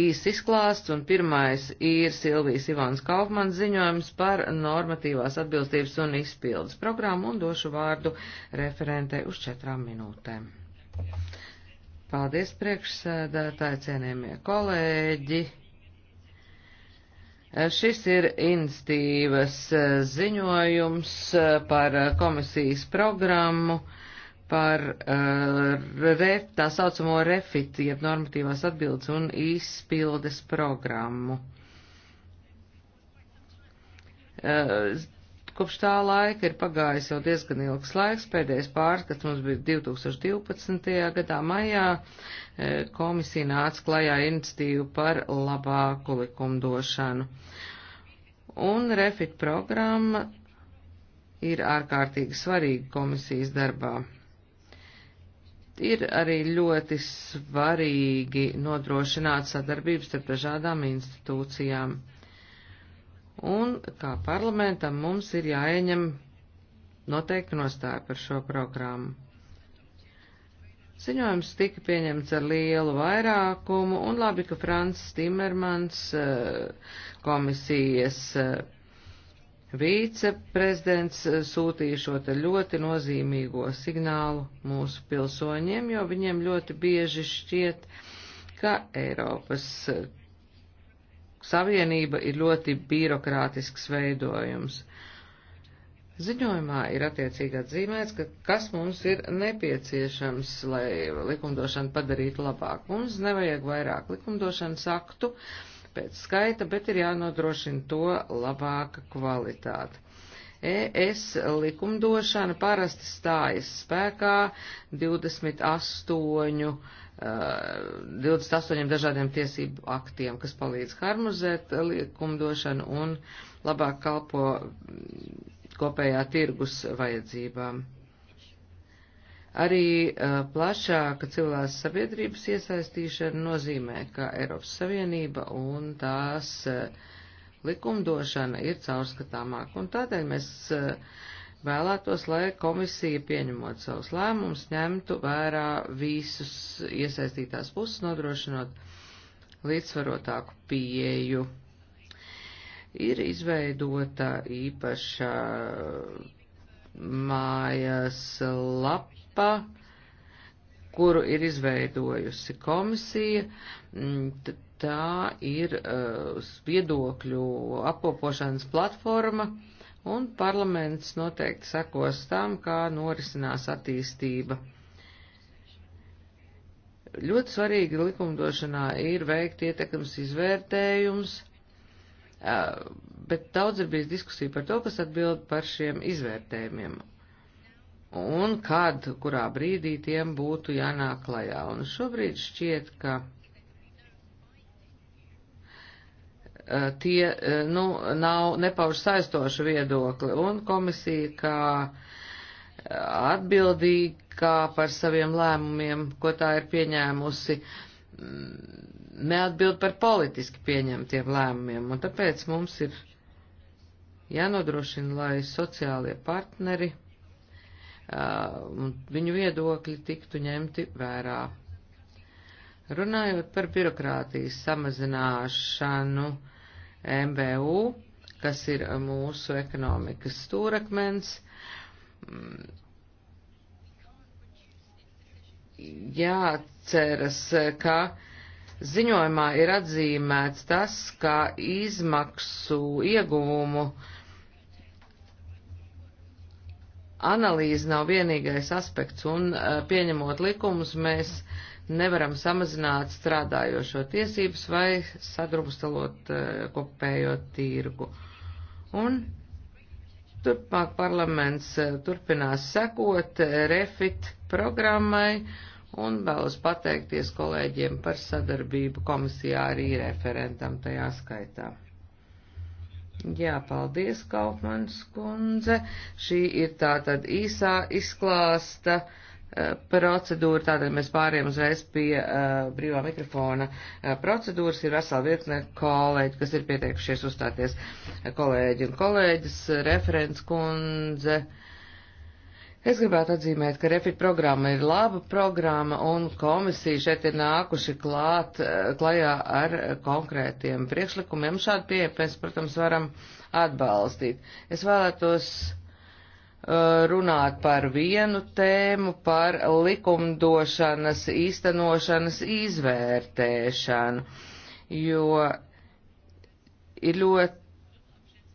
īsts izklāsts, un pirmais ir Silvijas Ivāns Kaufmans ziņojums par normatīvās atbilstības un izpildes programmu, un došu vārdu referentei uz četrām minūtēm. Paldies priekšsēdētāji, cienījamie kolēģi. Šis ir institīvas ziņojums par komisijas programmu par uh, re, tā saucamo refit, jeb normatīvās atbildes un izpildes programmu. Uh, kopš tā laika ir pagājis jau diezgan ilgs laiks, pēdējais pārskats mums bija 2012. gadā maijā, uh, komisija nāca klajā iniciatīvu par labāku likumdošanu. Un refit programma ir ārkārtīgi svarīga komisijas darbā. Ir arī ļoti svarīgi nodrošināt sadarbības starp dažādām institūcijām. Un kā parlamentam mums ir jāieņem noteikti nostāja par šo programmu. Ziņojums tika pieņemts ar lielu vairākumu, un labi, ka Frans Timermans eh, komisijas eh, Vīceprezidents eh, sūtīja šo te ļoti nozīmīgo signālu mūsu pilsoņiem, jo viņiem ļoti bieži šķiet, ka Eiropas eh, Savienība ir ļoti birokrātisks veidojums. Ziņojumā ir attiecīgi atzīmēts, ka kas mums ir nepieciešams, lai likumdošanu padarītu labāk. Mums nevajag vairāk likumdošanas aktu, uh, pēc skaita, bet ir jānodrošina to labāka kvalitāte. ES likumdošana parasti stājas spēkā 28, 28 dažādiem tiesību aktiem, kas palīdz harmonizēt likumdošanu un labāk kalpo kopējā tirgus vajadzībām. Arī uh, plašāka cilvēks sabiedrības iesaistīšana nozīmē, ka Eiropas Savienība un tās uh, likumdošana ir caurskatāmāka, un tādēļ mēs uh, vēlētos, lai komisija pieņemot savus lēmumus, ņemtu vērā visus iesaistītās puses, nodrošinot līdzsvarotāku pieeju. Ir izveidota īpaša mājas lapa, kuru ir izveidojusi komisija. Mm, tā ir uh, viedokļu apkopošanas platforma, un parlaments noteikti sekos tam, kā norisinās attīstība. Ļoti svarīgi likumdošanā ir veikt ietekmes izvērtējums, uh, bet daudz ir bijis diskusija par to, kas atbild par šiem izvērtējumiem un kad, kurā brīdī tiem būtu jānāk klajā. Un šobrīd šķiet, ka eh, tie, eh, nu, nav nepauž saistošu viedokli, un komisija kā eh, atbildīgā par saviem lēmumiem, ko tā ir pieņēmusi, mm, neatbild par politiski pieņemtiem lēmumiem, un tāpēc mums ir jānodrošina, lai sociālie partneri un viņu viedokļi tiktu ņemti vērā. Runājot par birokrātijas samazināšanu MVU, kas ir mūsu ekonomikas stūrakmens, jāatceras, ka ziņojumā ir atzīmēts tas, ka izmaksu ieguvumu uh, analīze nav vienīgais aspekts, un uh, pieņemot likumus, mēs nevaram samazināt strādājošo tiesības vai sadrumstalot uh, kopējo tirgu. Un turpmāk parlaments uh, turpinās sekot refit programmai un vēlas pateikties kolēģiem par sadarbību komisijā arī referentam tajā skaitā. Jā, paldies, Kaufmanis kundze. Šī ir tātad īsā izklāsta uh, procedūra, tātad mēs pāriem uzreiz pie uh, brīvā mikrofona uh, procedūras. Ir vesela virkne kolēģi, kas ir pieteikušies uzstāties. Kolēģi un kolēģis, referents kundze. Uh, Es gribētu atzīmēt, ka refit programma ir laba programma un komisija šeit ir nākuši klāt, eh, klajā ar konkrētiem priekšlikumiem. Šādu pieeju mēs, protams, varam atbalstīt. Es vēlētos eh, runāt par vienu tēmu, par likumdošanas īstenošanas izvērtēšanu, jo ir ļoti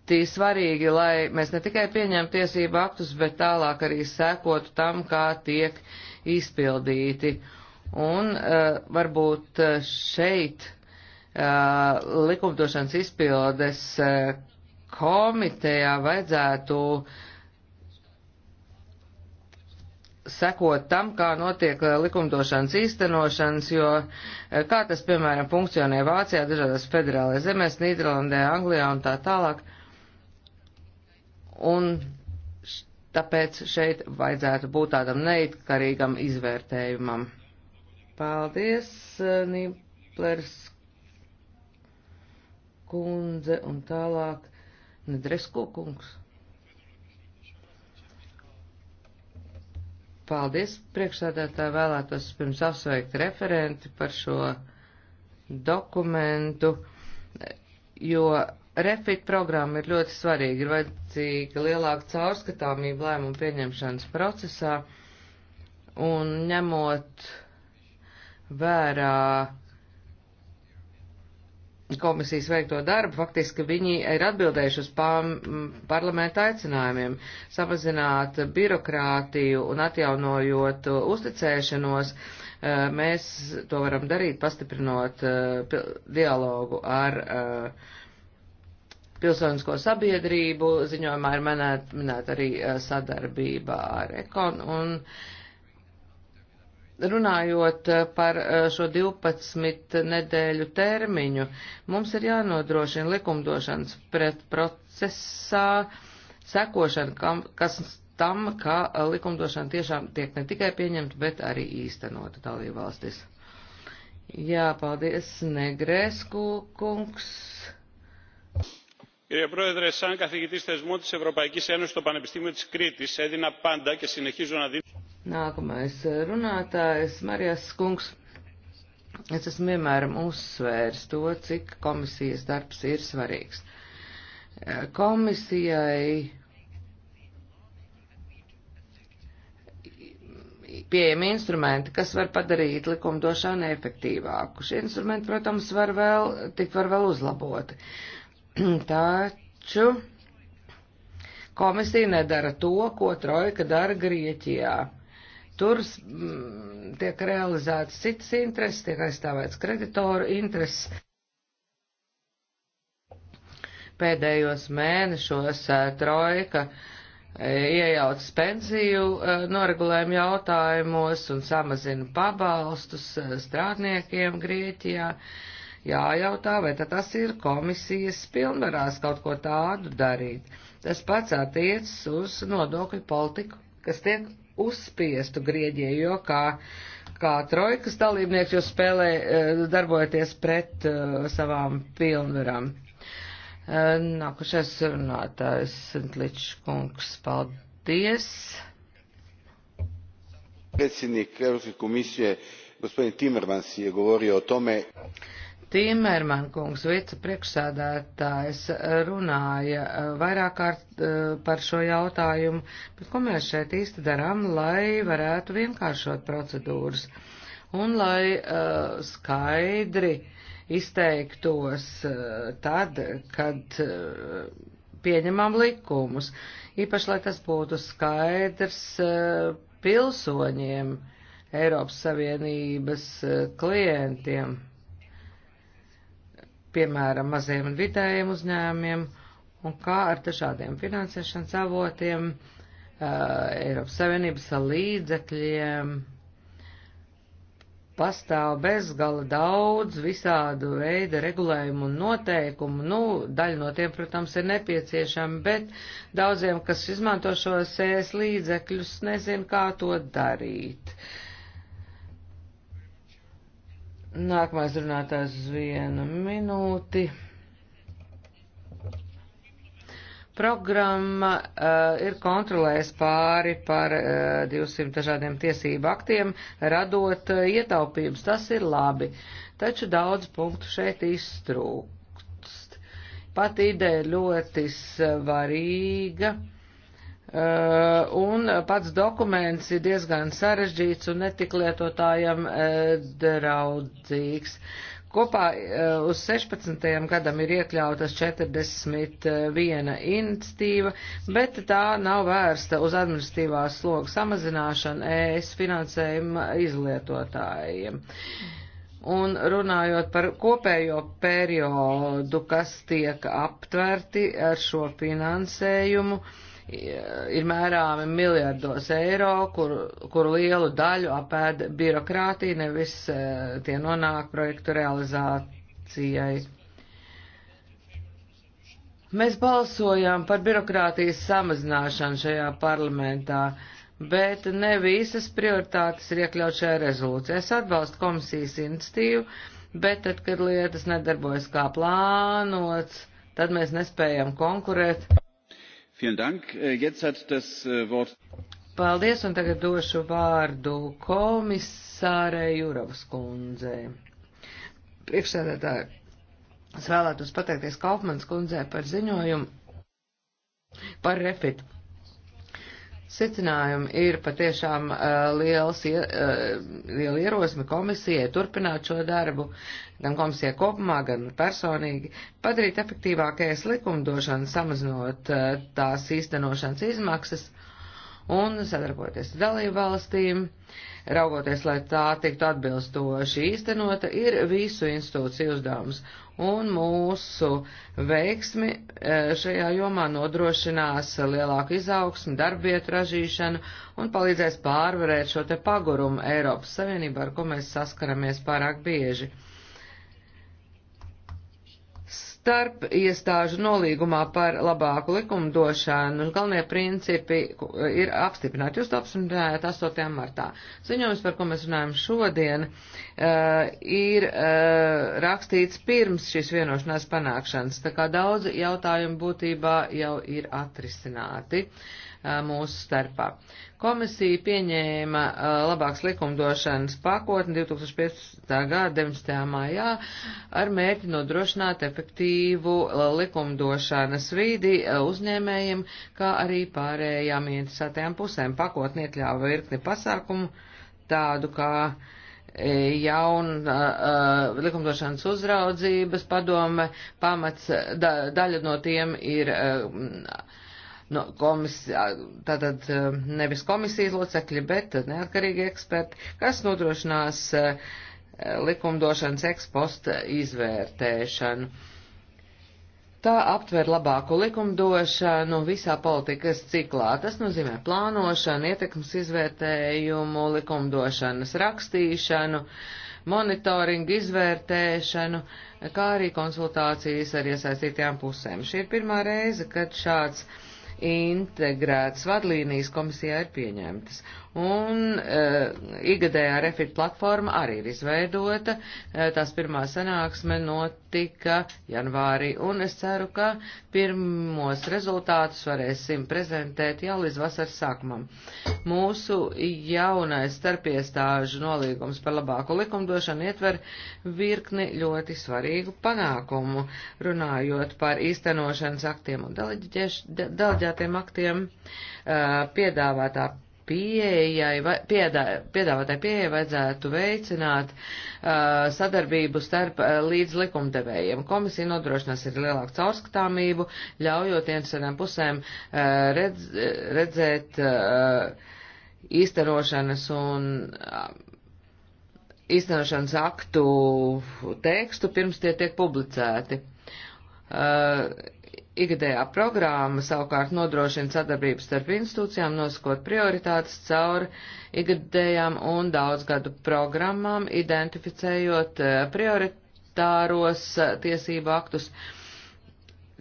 ļoti svarīgi, lai mēs ne tikai pieņemtu tiesību aktus, bet tālāk arī sekotu tam, kā tiek izpildīti. Un uh, varbūt eh, šeit uh, likumdošanas izpildes uh, komitejā vajadzētu sekot tam, kā notiek likumdošanas īstenošanas, jo kā tas, piemēram, funkcionē Vācijā, dažādās federālajās zemēs, Nīderlandē, Anglijā un tā tālāk. Uh, Un tāpēc šeit vajadzētu būt tādam neitkarīgam izvērtējumam. Paldies, eh, Nīplers kundze un tālāk Nedresko kungs. Paldies, priekšsēdētāji, vēlētos pirms apsveikt referenti par šo dokumentu, jo Refit programma ir ļoti svarīga, ir vajadzīga lielāka caurskatāmība lēmumu pieņemšanas procesā un ņemot vērā komisijas veikto darbu, faktiski viņi ir atbildējuši uz parlamenta aicinājumiem samazināt birokrātiju un atjaunojot uzticēšanos. Eh, mēs to varam darīt, pastiprinot eh, dialogu ar uh, pilsonisko sabiedrību, ziņojumā ir minēta minēt arī eh, sadarbība ar Ekon, un runājot eh, par eh, šo 12 nedēļu termiņu, mums ir jānodrošina likumdošanas pret procesā sekošana, kam, kas tam, ka likumdošana tiešām tiek ne tikai pieņemta, bet arī īstenota dalībvalstis. Jā, paldies, Negresku kungs κύριε πρόεδρε σαν καθηγητής θεσμών της ευρωπαϊκής ένωσης στο πανεπιστήμιο της κρήτης έδινα πάντα και συνεχίζω να δίνω. Nākamais runātājs Marijas Skunks. Es esmu vienmēr uzsvērs to, cik komisijas darbs ir svarīgs. Komisijai pieejami instrumenti, kas var padarīt likumdošanu efektīvāku. Šie instrumenti, protams, var vēl, tik var vēl uzlaboti. Taču komisija nedara to, ko Trojka dara Grieķijā. Tur tiek realizētas citas intereses, tiek aizstāvēts kreditoru intereses. Pēdējos mēnešos e, Trojka e, iejaucas pensiju e, noregulējumu jautājumos un samazina pabalstus strādniekiem Grieķijā. Uh, jājautā, vai tad tas ir komisijas pilnvarās kaut ko tādu darīt. Tas pats attiecas uz nodokļu politiku, kas tiek uzspiestu Grieģijai, jo kā, kā trojkas dalībnieks jūs spēlē, eh, darbojaties pret uh, savām pilnvarām. Uh, Nākošais runātājs Sintličs kungs, paldies. Predsjednik Europske komisije gospodin Timmermans je govorio o tome Timerman kungs, vicepriekšsēdētājs, runāja eh, vairāk kārt eh, par šo jautājumu, bet ko mēs šeit īsti darām, lai varētu vienkāršot procedūras un lai uh, skaidri izteiktos uh, tad, kad uh, pieņemam likumus, īpaši lai tas būtu skaidrs uh, pilsoņiem, Eiropas Savienības uh, klientiem piemēram, maziem un vidējiem uzņēmumiem, un kā ar dažādiem finansēšanas avotiem, uh, Eiropas Savienības līdzekļiem. Pastāv bezgala daudz visādu veidu regulējumu un noteikumu. Nu, daļa no tiem, protams, ir nepieciešama, bet daudziem, kas izmanto šos ēs līdzekļus, nezin, kā to darīt. Uh, Nākamais runātājs uz vienu minūti. Programma uh, ir kontrolējusi pāri par uh, eh, 200 dažādiem tiesību aktiem, radot uh, eh, ietaupības. Tas ir labi, taču daudz punktu šeit iztrūkst. Pat ideja ļoti svarīga. Uh, Uh, un pats dokuments ir diezgan sarežģīts un netik lietotājiem uh, draudzīgs. Kopā uh, uz 16. gadam ir iekļautas 41 iniciatīva, bet tā nav vērsta uz administratīvās slogu samazināšanu ES finansējuma izlietotājiem. Un runājot par kopējo periodu, kas tiek aptverti ar šo finansējumu, uh, ir mērāmi miljardos eiro, kur, kur lielu daļu apēd birokrātija, nevis e, tie nonāk projektu realizācijai. Mēs balsojām par birokrātijas samazināšanu šajā parlamentā, bet ne visas prioritātes ir iekļaut šajā rezolūcijā. Es atbalstu komisijas institīvu, bet tad, kad lietas nedarbojas kā plānots, tad mēs nespējam konkurēt. Äh, äh, Paldies, un tagad došu vārdu komisārei Juravas kundzei. Priekšsēdētāji, es vēlētos pateikties Kaufmanas kundzei par ziņojumu par refitu. Secinājumi ir patiešām uh, liels, uh, liela ierosme komisijai turpināt šo darbu, gan komisijai kopumā, gan personīgi, padarīt efektīvākais likumdošanu, samazinot uh, tās īstenošanas izmaksas. Uh, un sadarboties ar dalību valstīm, raugoties, lai tā tiktu atbilstoši īstenota, ir visu institūciju uzdevums. Un mūsu veiksmi e, šajā jomā nodrošinās lielāku izaugsmu, darbietu ražīšanu un palīdzēs pārvarēt šo te pagurumu Eiropas Savienībā, ar ko mēs saskaramies pārāk bieži starp iestāžu nolīgumā par labāku likumdošanu. Galvenie principi ir apstiprināti. Jūs to apstiprinājāt 8. martā. Ziņojums, par ko mēs runājam šodien, eh, ir eh, rakstīts pirms šīs vienošanās panākšanas, tā kā daudzi jautājumi būtībā jau ir atrisināti mūsu starpā. Komisija pieņēma labāks likumdošanas pakotni 2015. gada 19. maijā ar mērķi nodrošināt efektīvu likumdošanas vīdi uzņēmējiem, kā arī pārējām interesētajām pusēm. Pakotni iekļāva virkni pasākumu, tādu kā jauna uh, likumdošanas uzraudzības padome, pamats, da, daļa no tiem ir uh, no nu, komisija, tātad nevis komisijas locekļi, bet neatkarīgi eksperti, kas nodrošinās likumdošanas eksposta izvērtēšanu. Tā aptver labāku likumdošanu visā politikas ciklā. Tas nozīmē plānošanu, ietekmes izvērtējumu, likumdošanas rakstīšanu, monitoringu izvērtēšanu, kā arī konsultācijas ar iesaistītajām pusēm. Šī ir pirmā reize, kad šāds uh, integrētas vadlīnijas komisijā ir pieņemtas. Un uh, eh, igadējā refit platforma arī ir izveidota. Uh, tās pirmā sanāksme notika janvārī, un es ceru, ka pirmos rezultātus varēsim prezentēt jau līdz vasaras sākumam. Mūsu jaunais starpiestāžu nolīgums par labāku likumdošanu ietver virkni ļoti svarīgu panākumu, runājot par īstenošanas aktiem un deleģētiem aktiem. Uh, piedāvātā pieejai, piedā, piedāvātai pieejai vajadzētu veicināt uh, sadarbību starp uh, līdz likumdevējiem. Komisija nodrošinās arī lielāku caurskatāmību, ļaujot vienam pusēm uh, redz, redzēt uh, īstenošanas un. Uh, Īstenošanas aktu tekstu pirms tie tiek publicēti. Uh, Ikgadējā programma savukārt nodrošina sadarbību starp institūcijām, nosakot prioritātes cauri ikgadējām un daudzgadu programmām, identificējot eh, prioritāros eh, tiesību aktus,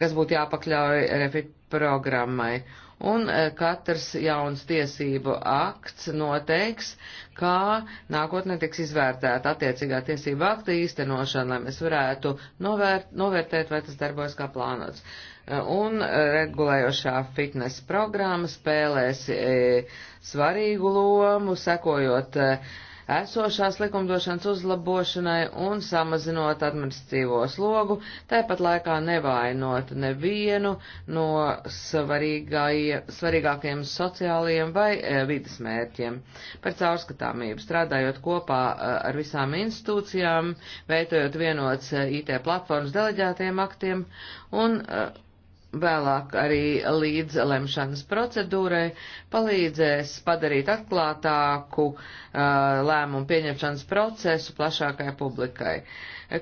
kas būtu jāpakļauj refit programmai un eh, katrs jauns tiesību akts noteiks, kā nākotnē tiks izvērtēta attiecīgā tiesību akta īstenošana, lai mēs varētu novērt, novērtēt, vai tas darbojas kā plānots. Eh, un eh, regulējošā fitnes programma spēlēs svarīgu lomu, sekojot esošās likumdošanas uzlabošanai un samazinot administratīvo slogu, tāpat laikā nevainot nevienu no svarīgākajiem sociālajiem vai e, vidas mērķiem. Par caurskatāmību strādājot kopā e, ar visām institūcijām, veidojot vienots e, IT platformas deleģētiem aktiem un Vēlāk arī līdzlemšanas procedūrai palīdzēs padarīt atklātāku uh, lēmumu pieņemšanas procesu plašākai publikai.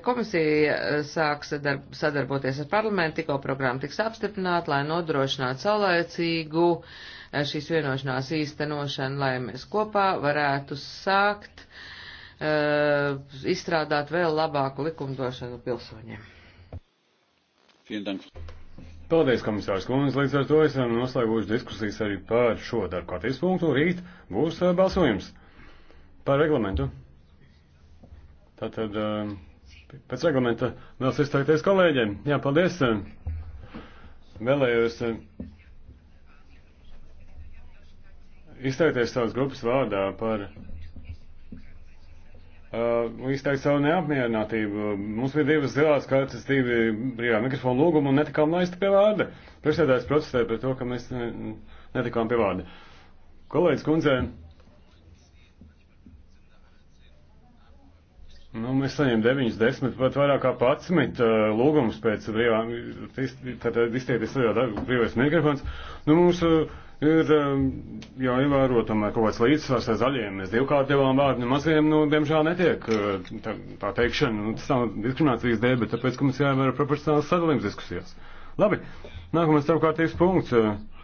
Komisija sāks sadarb sadarboties ar parlamentu, tikko programma tiks apstiprināta, lai nodrošinātu saulēcīgu uh, šīs vienošanās īstenošanu, lai mēs kopā varētu sākt uh, izstrādāt vēl labāku likumdošanu pilsoņiem. Vielen Dank. Paldies, komisārs Kunis. Līdz ar to esam noslēguši diskusijas arī par šo darbu kārtības punktu. Rīt būs eh, balsojums par reglamentu. Tātad eh, pēc reglamenta vēlas izteikties kolēģiem. Jā, paldies. Eh. Vēlējos izteikties savas grupas vārdā par uh, izteikt savu neapmierinātību. Mums bija divas zilās kartas, divi brīvā mikrofona lūguma un netikām laisti pie vārda. Priekšsēdājs protestēja par to, ka mēs netikām pie vārda. Kolēģis kundzē, nu, mēs saņem 9, 10, pat vairāk kā 11 uh, lūgumus pēc brīvā, tātad izteikties brīvais mikrofons. Nu, mums, uh, ir um, jāievēro tomēr kaut kāds līdzsvars ar zaļiem. Mēs divkārt devām vārdu nu, maziem, nu, diemžēl netiek uh, tā, tā teikšana, nu, tas nav diskriminācijas dēļ, bet tāpēc, ka mums jāievēro proporcionāls sadalījums diskusijās. Labi, nākamais starpkārtības punkts. Uh,